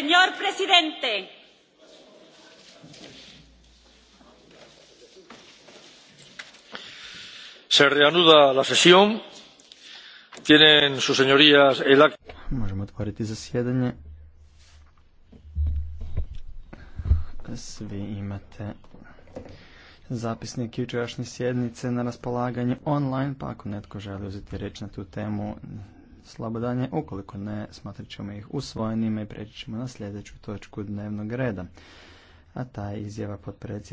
Señor presidente. Se reanuda la sesión. Tienen sus señorías el Možemo otvoriti zasjedanje. Svi imate zapisnik jučerašnje sjednice na raspolaganju online, pa ako netko želi uzeti reč na tu temu, slabo danje, ukoliko ne, smatrat ćemo ih usvojenima i preći ćemo na sljedeću točku dnevnog reda. A ta izjava potpredsjednika